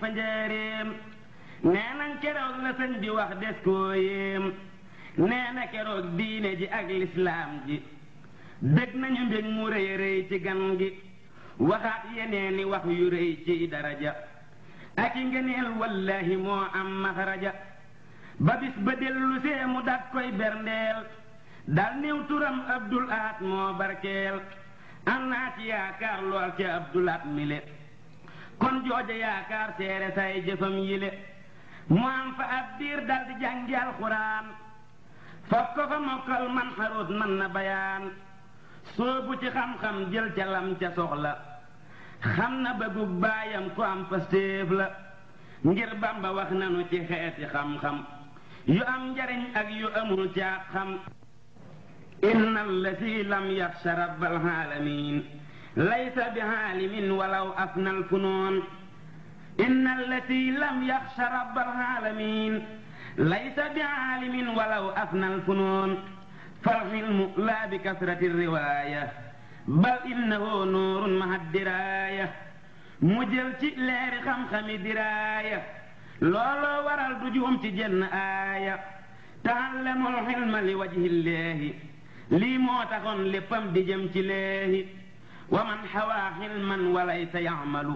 fa njëriñ nee keroog la sëñ bi wax des koo keroog diine ji ak lislaam ji dëgg nañu mbég mu rëy rëy ci gan gi waxaat yeneeni wax yu rëy ci daraja ak i ngeneel wallahi moo am maxraja ba bis ba dellu mu dat koy berndeel dal néew turam abdul aat moo barkeel am naa ci yaakaar lool ca abdul aat mile kon jooja yaakaar seere say jëfam yile mu am fa ab diir dal di jàngi alxuraan fab fa mokkal man xaruut man na bayaan soobu ci xam-xam jël ca lam ca soxla xam na bëggug baayam ku am fa la ngir bamba wax nanu ci xeeti xam-xam yu am njariñ ak yu amul caa xam inna allati lam yaxsha rabbal alamin laysa bi aalimin walaw afna alfunoon inna allati lam yaxsha rabba alaalamin laysa bi aalimin walaw afna alfunoon falxilmu laa bi kasrati riwaaya bal innahu nuurun maha diraaya mu jël ci leeri xam-xami diraaya looloo waral du juum ci jenn aaya taxallamul xilma li wajhi llaahi lii moo taxoon léppam di jëm ci leehi wa man xawaa xilman walaysa yamalu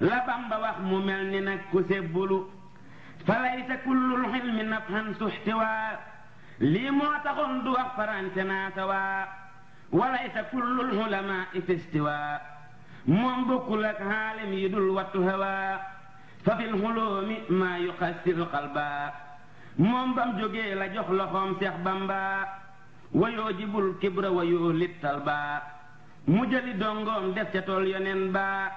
la bamba wax mu mel ni nag ku sébbulu fa laysa kullul xilmi nafhan suxtiwaa lii moo taxoon du wax farante naata waa walaysa kullul xulamaa fistiwaa moom bokkul ak xaalim yi dul wattu hawaa fa fil xuloomi maa yuqassir qalbaa moom bam jógee la jox loxoom seex bamba wayoo jibul kibra wayoo littal baa mu jëli dongoom def ca tool yoneen baa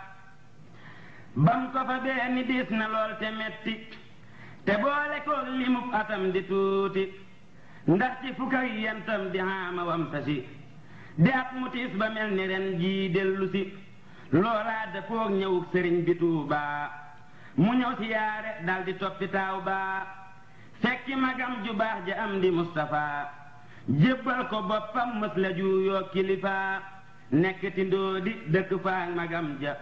bam ko fa bee ni diis na lool te metti te boole koog limub atam di tuuti ndax ci fukka yentam di xaama wam sa si di at mu tiis ba mel ni ren jii dellu si loolaa dëppoog ñëwug sëriñ bi Tuubaa mu ñëw ci yaare daldi toppitaaw toppi taaw baa fekki magam ju baax ja am di Mustapha jébbal ko boppam mës la juuyoo kilifaa nekk ti ndoo di dëkk faak magam ja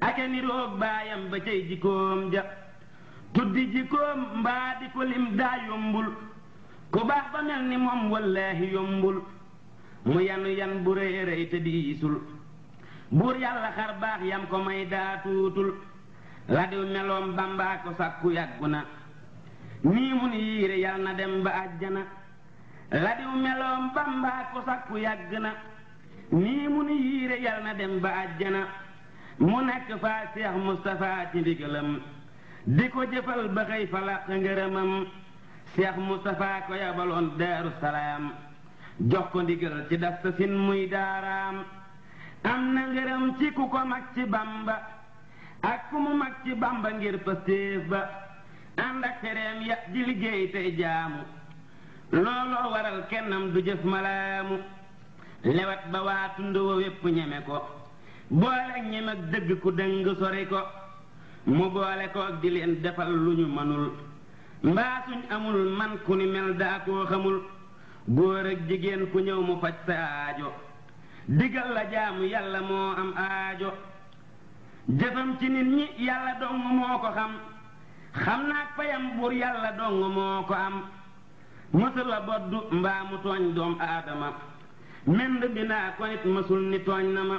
aka ni baayam ba cay jikkoom ja tuddi jikkoom mbaa di ko lim daa yombul ku baax ba mel ni moom wallaahi yombul mu yanu yan bu rëy rëy te buur yàlla xar baax yam ko may daa tuutul la diw meloom bambaa ko sàkku yàggu na nii mun yiire yal na dem ba àjjana la diw meloom bambaa ko sàkku yàgg na nii mu ni yiire yal na dem ba àjjana mu nekk faa seex Mustapha ci ndigalam di ko jëfal ba xëy fa làq ngërëmam seex Mustapha ko yabaloon daaru salaam jox ko ndigal ci dasta sin muy daaraam am na ngërëm ci ku ko mag ci bamba ak ku mu mag ci bamba ngir pastéef ba ànd ak ya di liggéey tey jaamu looloo waral kennam du jëf malaamu lewat ba waa tund wa wépp ñeme ko boole ñem ak dëgg ku dëng sori ko mu boole ko di leen defal lu ñu mënul mbaa suñ amul man ku ni mel daa koo xamul góor ak jigéen ku ñëw mu faj sa aajo digal la jaamu yàlla moo am aajo jëfam ci nit ñi yàlla dong moo ko xam xam naa payam buur yàlla dong moo ko am mësa la mbaa mu tooñ doom aadama mend bi naa ko nit mësul ni tooñ na ma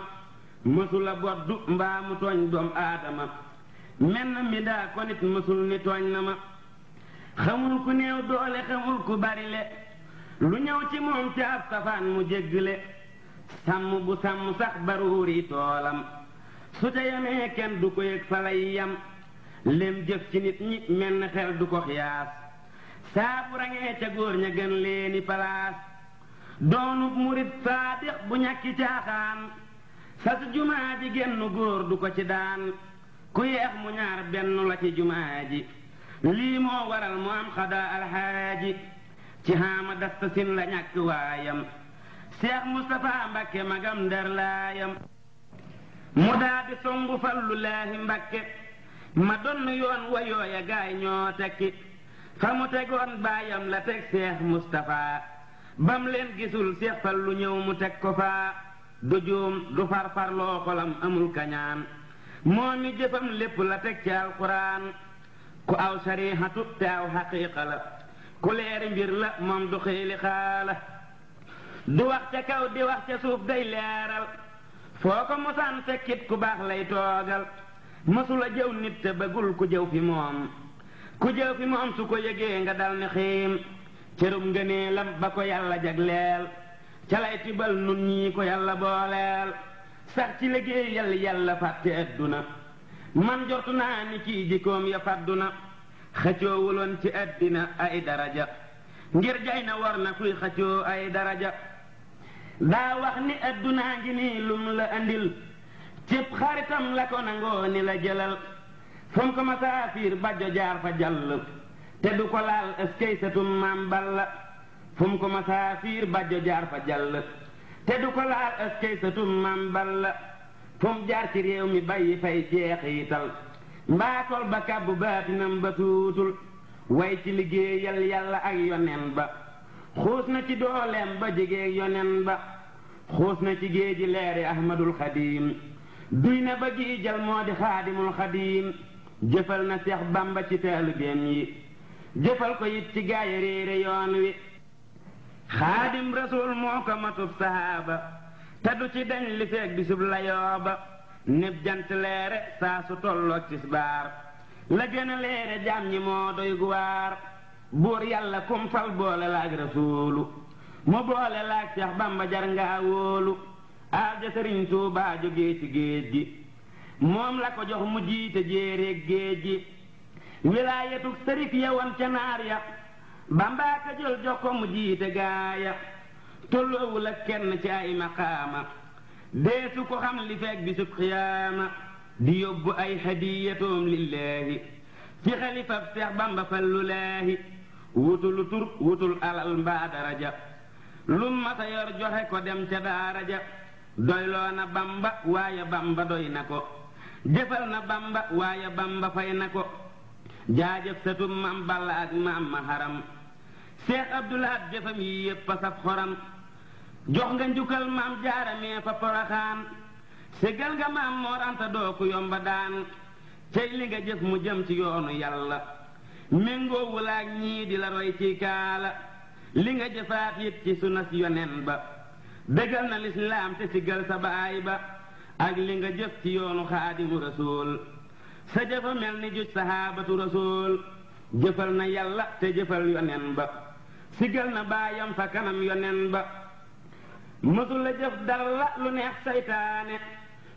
mësula a boddu mbaa mu tooñ doom aadama menn mi ko nit mësul ni tooñ na ma xamul ku néew doole xamul ku bari le lu ñëw ci moom ca ab safaan mu jéggle sàmm bu sàmm sax baruuri toolam su ca yamee kenn du ko yëg fa lay yam lem jëf ci nit ñi menn xel du ko xiyaas saa rangee ca góor ña gën leeni palaas doonu murit saadix bu ñàkki caaxaan sas jumaa ji genn góor du ko ci daan ku yeex mu ñaar benn la ci jumaa ji lii moo waral mu am xadaa alxaaji ci xaama dasta la ñàkk waayam seex mustapha mbakke magam ndar laayam mu daa di songu fallu laahi mbakke ma donn yoon wa yooya gaay ñoo tekki fa mu tegoon baayam la teg seex mustapha bam leen gisul Seex lu ñëw mu teg ko faa du juum du farfarloo xolam amul kañaan moo mi jëfam lépp la teg ci alquran ku aw sarihatu te aw xaqiiqa la ku leeri mbir la moom du xiili xaala du wax ca kaw di wax ca suuf day leeral foo ko mosaan fekkit ku baax lay toogal mësula jëw nit te bëggul ku jëw fi moom ku jëw fi moom su ko yëgee nga dal ni xiim cërum ngëneelam ba ko yàlla jagleel ca lay tibal nun ñii ko yàlla booleel sax ci liggéey yàlla yàlla fàtte adduna man jortu naa ni kii jikoom ya fàddu na xëccoowuloon ci addina ay daraja ngir jay na war na kuy xëccoo ay daraja daa wax ni addunaa ngi nii lum la andil cib xaritam la ko nangoo ni la jëlal fam ko masaafiir bajjo jaar fa jàll te du ko laal ëskey satum maam balla fu mu ko masaa fiir jaar fa jàll te du ko laal ëskey satum maam balla fu mu jaar ci réew mi bàyyi fay jeexiital mbaatol ba kàbbu baatinam ba tuutul way ci liggéeyal yàlla ak yonen ba xuus na ci dooleem ba jege yonen ba xuus na ci géeji leeri ahmadul xadiim duy na ba giijal moo di xaadimul xadiim jëfal na seex bamba ci taalibeem yi jëfal ko yit ci gaaya réere yoon wi xaadim rasuul moo ko matub sahaaba te du ci dañ li feeg bisub la yooba nib jant leere saa su tolloog la gën leere jaam ñi moo doy guwaar buur yàlla kum fal boole laag rasuulu mu boole laag seex bamba jar ngaa wóolu aaja sëriñ tuubaa jógee ci géej gi moom la ko jox mu jiite jéeréeg géej gi wilaayatug sërif ya woon ca naar ya bambaaka jël jokko mu jiite gaaya tolloowul ak kenn ci ay maqaama deesu ko xam li feeg bisub xiyaama di yóbbu ay hadiyatoom lillaahi ci xalifab seex bamba fallulaahi wutulu tur wutul alal mbaa daraja lum masa yor joxe ko dem ca daaraja doyloo na bamba waaye bamba doy na ko jëfal na bamba waaye bamba fay na ko jaajëf satum maam Balla ak maam Maharam Seex Abdul Ahad jëfam yi yépp a saf xoram jox nga njukkal maam jaaramee fa poroxaan ségal nga maam Moor Anta doo ku yomba daan cey li nga jëf mu jëm ci yoonu yàlla méngoowul ak ñii di la roy ci kaala li nga jëfaat it ci sunas yonen ba dëggal na lislaam te sigal sa baay ba ak li nga jëf ci yoonu xaadimu rasuul sa jëfa mel ni juj sahaabatu rasul jëfal na yàlla te jëfal yonen ba sigal na baayam fa kanam yonen ba mësula jëf dalla lu neex saytaane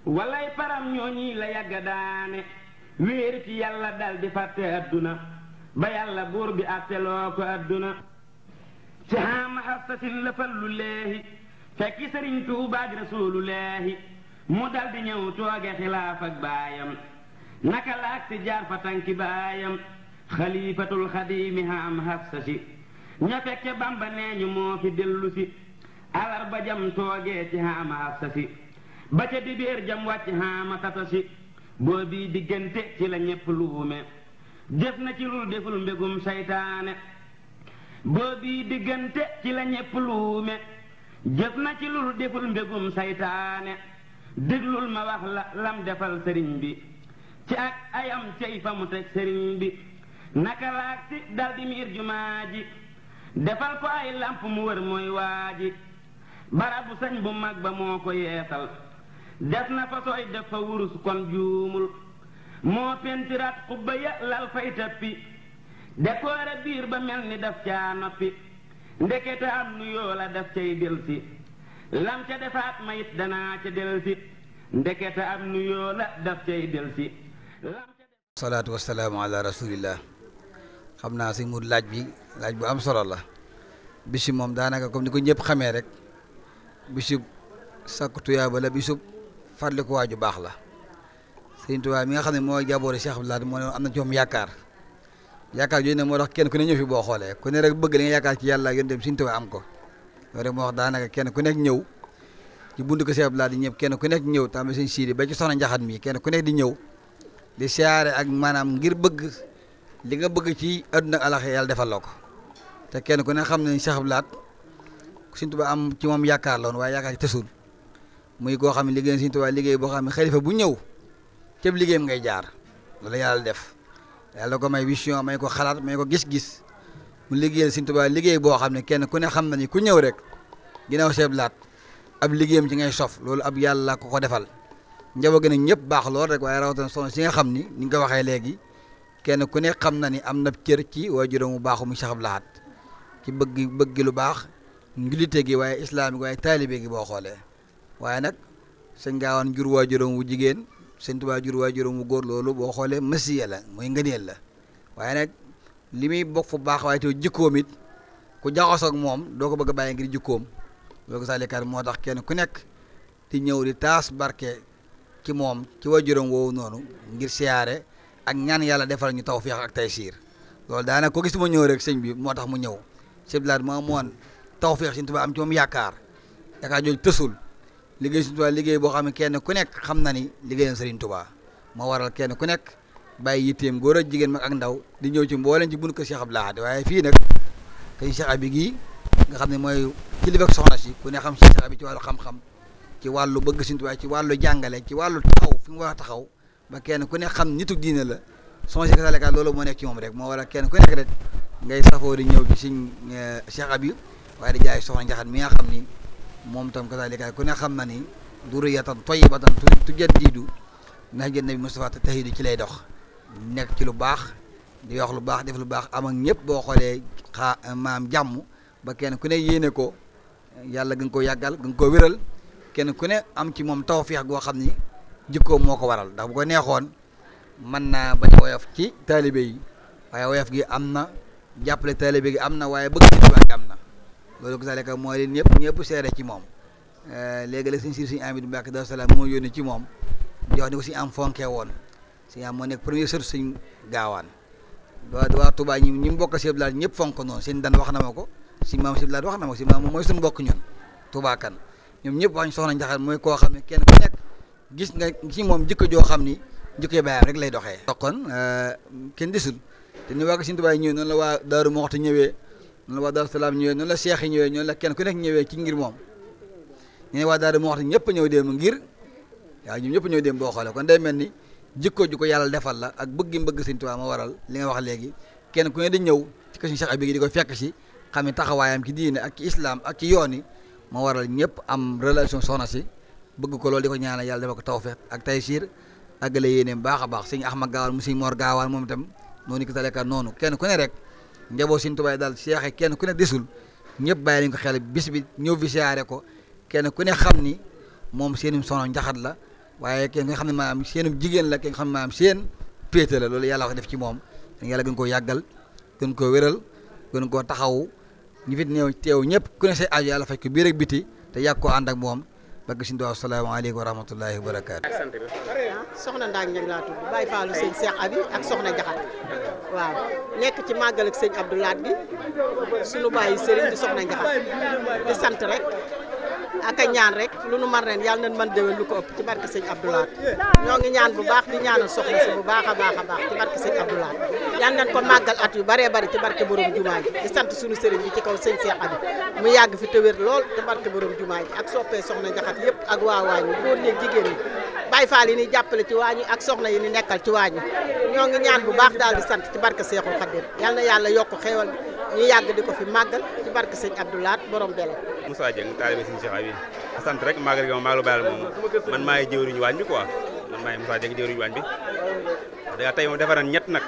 walay param ñooñi la yàgga daane wéeri ci yàlla dal di adduna ba yàlla buur bi àtteloo ko adduna ci xaama xastasin la fallu leehi fekki sëriñ tuubaaj mu dal ñëw tooge xilaaf baayam naka la ak si jaar fa tànki baayam xalifatul xadiimi haam hafsa si ña fekke bamba nee ñu moo fi dellu si alar ba jam toogee ci haama hafsa si ba ca dibéer jam wàcc haama tata si boobii diggante ci la ñépp luume def na ci lul deful mbégum saytaane boobii diggante ci la ñépp luume jëf na ci lul deful mbégum saytaane déglul ma wax la lam defal sëriñ bi ci ak ayam cey fa mu teg sëriñ naka laak si dal di miir ji defal ko ay làmp mu wër mooy waa ji barabu sañ bu mag ba moo ko yeesal des na fa sooy def fa wurus kon juumul moo pentiraat xubba ya lal fay tappi décoore biir ba mel ni daf caa noppi ndekete am nuyoo la daf cay delsi lam ca defaat mayit danaa ca delsi ndekete am nuyoo la daf cay delsi salaatu wasalaamu ala rasulillah xam naa si mu laaj bi laaj bu am solo la bisi moom daanaka comme ni ko ñëpp xamee rek bisub sakku tuyaaba la bisub farli ko waaju baax la Sëriñ Tuubaa mi xam ne moo jaboori Cheikh Abdoulaye moo ne am na yaakaar yaakaar yooyu moo tax kenn ku ne ñëw fi boo xoolee ku rek bëgg li nga ci yàlla yéen dem Sëriñ Tuubaa am ko loolu rek moo wax daanaka kenn ku nekk ñëw ci bunt ko Cheikh laa di ñëpp kenn ku nekk ñëw tamit sëñ Siidi ba ci soxna Njaxat mii kenn ku nekk di ñëw di siyaare ak maanaam ngir bëgg li nga bëgg ci àdduna ak alaxe yàlla defaloo ko te kenn ku ne xam ne Cheikh Abdou Lahad Sëñ am ci moom yaakaar loon waaye yaakaar ci tësul muy koo xam ne liggéey Sëñ liggéey boo xam ne xalifa bu ñëw cëb liggéeyam ngay jaar loolu yàlla def yàlla ko may vision may ko xalaat may ko gis-gis mu liggéeyal liggéey boo xam ne kenn ku ne xam na ni ku ñëw rek ginnaaw Cheikh Abdou Lahad ab liggéeyam ci ngay sof loolu ab yàlla ko ko defal njaboot gi nag ñëpp baax lool rek waaye rawatina soon si nga xam ni ni nga ko waxee léegi kenn ku ne xam na ni am na cër ci waaye juróom bu baaxu mu Cheikh Abdou Lahad ci bëgg bëgg lu baax ngilite gi waaye islaam gi waaye taalibe gi boo xoolee waaye nag sëñ gaawaan jur waa juróom wu jigéen sëñ Tuubaa jur waa juróom wu góor loolu boo xoolee massie la mooy ngëneel la waaye nag li muy bokk fu baax waaye te jikkoom it ku jaxasoo moom doo ko bëgg a bàyyi ngir jikkoom loolu ko moo tax kenn ku nekk di ñëw di taas barke ci moom ci waajuram woowu noonu ngir siyaare ak ñaan yàlla defal ñu tawfiix ak taysiir loolu daanaka ko gis ma ñëw rek sëñ bi moo tax mu ñëw sëñ bi ma amoon tawfiix Sëñ Tuubaa am ci yaakaar yaakaar jooju tësul liggéey Sëñ liggéey boo xam ne kenn ku nekk xam na ni liggéeyam Sëriñ Tuubaa moo waral kenn ku nekk bàyyi yitteem góor ak jigéen mag ak ndaw di ñëw ci mbooleen ci buñ ko Cheikh Abdou Lahad waaye fii nag kañ gii nga xam ne mooy kilifa ak soxna si ku ne xam si Cheikh Abi ci wàllu xam ci wàllu bëgg Sëriñ ci wàllu jàngale ci wàllu taxaw fi mu taxaw ba kenn ku ne xam nitu diine la son si salekaat loolu moo nekk ci moom rek moo wara kenn ku nekk rek ngay safoo di ñëw ci Sëriñ eh, Cheikh Abib waaye di jaay soxna Njaxate mi nga xam ni moom tam kasaalikaay ku ne xam na ni duriyatan tayyibatan tujaddidu ndax jën nabi Moustapha te tahidu ci lay dox nekk ci lu baax di wax lu baax def lu baax am ak ñëpp boo xoolee xaa maam jàmm ba kenn ku ne yéene ko yàlla gën ko yàggal gën ko wéral kenn ku ne am ci moom taw tawfeex goo xam ni jikkoom moo ko waral ndax bu ko neexoon man naa bañ a woyof ci taalibe yi waaye woyof gi am na jàppale taalibe gi am na waaye bëgg si gi am na loolu ko mooy ñëpp ñëpp seere ci moom eh, léegi la suñ si suñu amit Mbàkke Daaru Salaam moo yónni ci moom di wax ni ko woon suñu am moo nekk premier sër suñ gaawaan waa Tuubaa ñi ñi mu bokk si laal ñëpp fonk noonu seen dan wax na ko si maam wax na ma ko mooy su mbokk ñun Tuubaa ñoom ñëpp wax ñu soxna njaxate mooy koo xam ne kenn ku gis nga ci moom jikko joo xam ni jikko baayam rek lay doxee kon euh, kenn desul te ni waa ko Sëriñ Tuubaa ñëwee la waa Daaru Muxti ñëwee noonu la Salaam ñëwee noonu la seex yi ñëwee noonu la kenn ku nekk ñëwee ci ngir moom ñu ne waa Daaru ñëpp ñëw dem ngir waaw ñoom ñëpp ñëw dem boo xoolee kon day mel ni jikko ju ko yàlla defal la ak bëgg mbëgg Sëriñ Tuubaa moo waral li nga wax léegi kenn ku ne di ñëw ci ko fekk si xam ni taxawaayam ci diine ak ci islam ak ci yoon yi moo waral ñëpp am relation soxna si bëgg ko loolu di ko ñaana yàlla dafa ko taw tawfeex ak taysiir àggale yéeneem baax a baax sëñ Axma Gaawaan mu sëñ Mor Gaawaan moom itam noonu ko taleka noonu kenn ku ne rek njaboo sëñ Tuubaa daal seexe kenn ku ne desul ñëpp bàyyi ko xel bis bi ñëw fi ko kenn ku ne xam ni moom seenum soxna njaxat la waaye kenn nga xam ne maanaam seenum jigéen la kenn xam ne seen péete la loolu yàlla wax def ci moom yàlla gën koo yàggal gën koo wéral gën koo taxaw ni fi néew teew ñëpp ku ne say aajo yàlla faj ko biir ak biti te yàgg ko ànd ak moom bëgg si ndox salaamaaleykum wa rahmatullahi wa barakaatu. soxna Ndaak Ñaŋ laa tudd Baye Fallou sëñ Abi ak soxna Jaxat waaw nekk ci màggal ak sëñ Abdou Lahad sunu bàyyi sëriñ di soxna sant rek. ak ñaan rek lu nu man ren yàlla nañ mën déwén lu ko ëpp ci barke sëñ Abdoulaat ñoo ngi ñaan bu baax di ñaanal soxna si bu baax a baax a baax ci barke sëñ Abdoulaat yàlla nañ ko màggal at yu baree bari ci barke borom jumaa ji di sant suñu sëriñ yi ci kaw sëñ Seex Abi mu yàgg fi te wér lool te barke borom jumaa ji ak soppee soxna jaxat yëpp ak waa waañu góor ñeeg jigéen ñi Baay Faal yi ni jàppale ci waañu ak soxna yi ni nekkal ci waañu ñoo ngi ñaan bu baax daal di sant ci barke Seexul Xadim yàlla na yàlla yokk xéewal ñu yàgg di ko fi màggal ci barke sëñ Abdou Lahad borom Bel. Moussa Dieng taalibe sëñ Cheikh Abi sant rek màggal gi moom man maay jëwriñu waañ bi ko man maay Moussa Dieng jëwriñu waañ bi da tey moom defaran ñett nag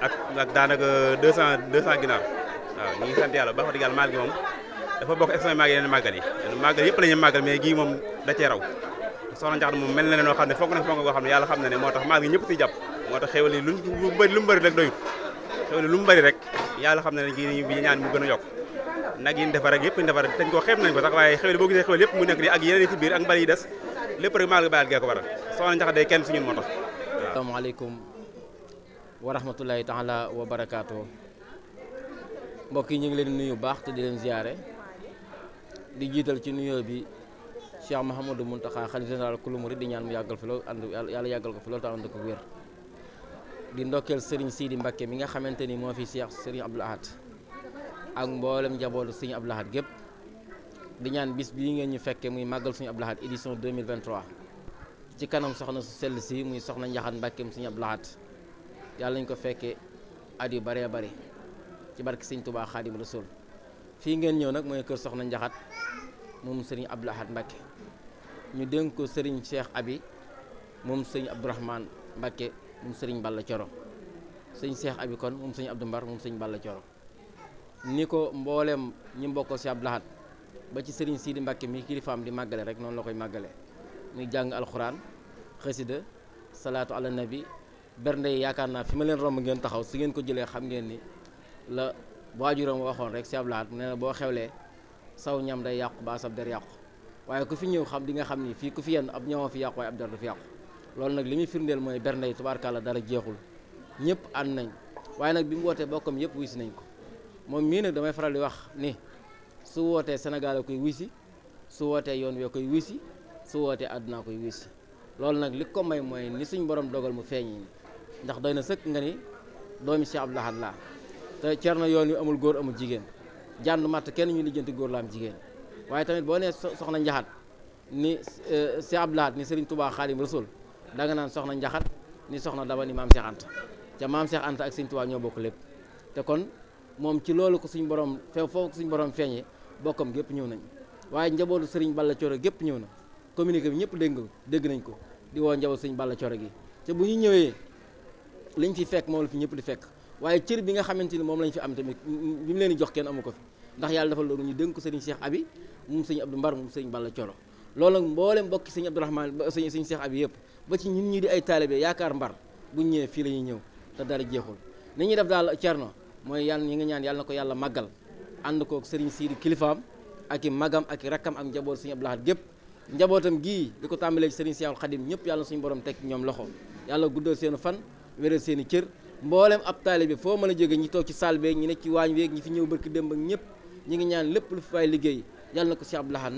ak ak daanaka 200 200 ginaar waaw ñu ngi sant yàlla bu baax wax dëgg yàlla màggal gi moom dafa bokk expo yi yeneen màggal yi màggal yëpp la ñuy màggal mais gii moom da cee raw soxna Ndiakhate moom mel ne noo xam ne foog na foog nga xam ne yàlla xam na ne moo tax màggal ñëpp si jàpp moo tax xéwal lu mu bëri lu mu yàlla xam ne ne gi bi ñaan mu gën a yokk nag yi ñu defar ak yëpp ñu defar dañ ko xeeb nañ ko sax waaye xewel boo gisee xewel yëpp mu nekk nii ak yeneen yi ci biir ak mbali yi des lépp rek maal ga bayal gee ko waral soxna Njaxate day kenn suñun moo tax waaw asalaamaaleykum wa rahmatulahi taala wa barakaatu mbokk yi ñu ngi leen nuyu baax te di leen ziare di jiital ci nuyoo bi Cheikh Mouhamadou Mountakha xalifa général kulu murid di ñaan mu yàggal fi loolu ànd yàlla yàggal ko fi loolu te ànd ko wér di ndokkeel sëriñ Sidi Mbakke mi nga xamante ni moo fi Cheikh sëriñ Abdou Ahad ak mboolem njabootu sëriñ Abdou Ahad gépp di ñaan bis bii ngeen ñu fekkee muy màggal suñu Abdou Ahad édition 2023 ci kanam soxna su sell si muy soxna Njaxat Mbàkkeem suñu Abdou Ahad yàlla nañ ko fekkee at yu bëree bëri ci barke sëñ Tubaa Xaadim Rasuul fii ngeen ñëw nag mooy kër soxna Njaxat moom sëriñ Abdou Ahad Mbakke ñu dénk ko sëriñ Cheikh Abi moom sëriñ Abdourahman Mbakke moom sëriñ Balla Coro sëñ Seex Abi kon moom sëñ Abdou Mbar moom sëñ Balla Coro ni ko mbooleem ñi mbokk si Abdou Lahad ba ci sëriñ Sidi Mbàkke mi kilifaam di màggale rek noonu la koy màggale muy jàng alxuraan xasida salaatu ala nabi bernde yi yaakaar naa fi ma leen romb ngeen taxaw si ngeen ko jëlee xam ngeen ni la waajuram waxoon rek si Abdou Lahad nee na boo xewlee saw ñam day yàqu baa sab der yàqu waaye ku fi ñëw xam di nga xam ni fii ku fi yenn ab ñamam fi yàqu waaye ab fi yàqu loolu nag li muy firndeel mooy bernde yi tubaarkàlla dara jeexul ñëpp ànd nañ waaye nag bi mu wootee bokkam yëpp wuy nañ ko moom mii nag damay faral di wax ni su wootee Sénégal a koy wuy si su wootee yoon wee koy wuy si su wootee àdduna koy wuy loolu nag li ko may mooy ni suñ borom dogal mu feeñi ndax doy na sëkk nga ni doomi Cheikh Abdou Lahad la te cer na yoon wi amul góor amul jigéen jànd matt kenn ñu lijjanti góor la am jigéen waaye tamit boo nee soxna njaxat ni eh, Cheikh Abdou Lahad ni Serigne Touba Xaadim Rasul da nga naan soxna njaxat ni soxna daba ni maam Cheikh Anta ca maam Cheikh Anta ak sëñ Tuubaa ñoo bokk lépp te kon moom ci loolu ko suñ borom feew foofu ko suñ borom feeñee bokkam gépp ñëw nañ waaye njabootu sëriñ Balla Coro gépp ñëw na communiqué bi ñëpp dégg dégg nañ ko di woo njaboot sëriñ Balla Coro gi te bu ñu ñëwee liñ fi fekk moom la fi ñëpp di fekk waaye cër bi nga xamante ni moom lañ fi am tamit bi mu leen di jox kenn amu ko fi ndax yàlla dafa loolu ñu dénk ko sëriñ Cheikh Abi moom sëriñ Abdou Mbar mu sëriñ Balla Coro loolu nag mboolem mbokki sëñ Abdourahman sëñ sëñ Seex Abi yëpp ba ci ñun ñi di ay taalibe yaakaar mbar buñ ñëwee fii la ñuy ñëw te dara jeexul ni ñuy def daal na mooy yàlla ñi nga ñaan yàlla na ko yàlla màggal ànd kook sëriñ Siidi kilifaam ak i magam ak i rakkam ak njaboot sëñ Abdou gépp njabootam gii di ko tàmbalee ci sëriñ Seexul Xadim ñëpp yàlla suñ borom teg ñoom loxo yàlla guddal seenu fan wéral seen i cër mboolem ab taalibe foo mën a jóge ñ toog ci saal beeg ñi nekk ci waañ weeg ñi fi ñëw barki démb ak ñëpp ñi ngi ñaan lépp lu fi fay liggéey yàlla ko Seex Abdou Lahad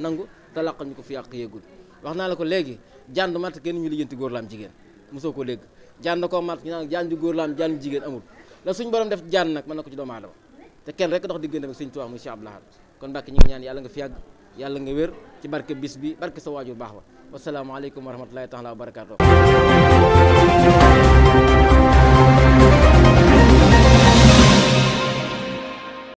te laqal ñu ko fi yàq yéegul wax naa la ko léegi jaan du matt kenn ñu lijjanti góor laam jigéen mosoo ko dégg jaan da koo matt ñu naan jaan ju góor laam jaan jigéen amul la suñ borom def jaan nag mën na ko ci doomu aadama te kenn rek dox diggante ak sëñ Tuubaa muy Cheikh Abdou Lahad kon Mbàkke ñu ngi ñaan yàlla nga fi àgg yàlla nga wér ci barke bis bi barke sa waajur baax wa wasalaamaaleykum wa rahmatullahi taala wa barakaatu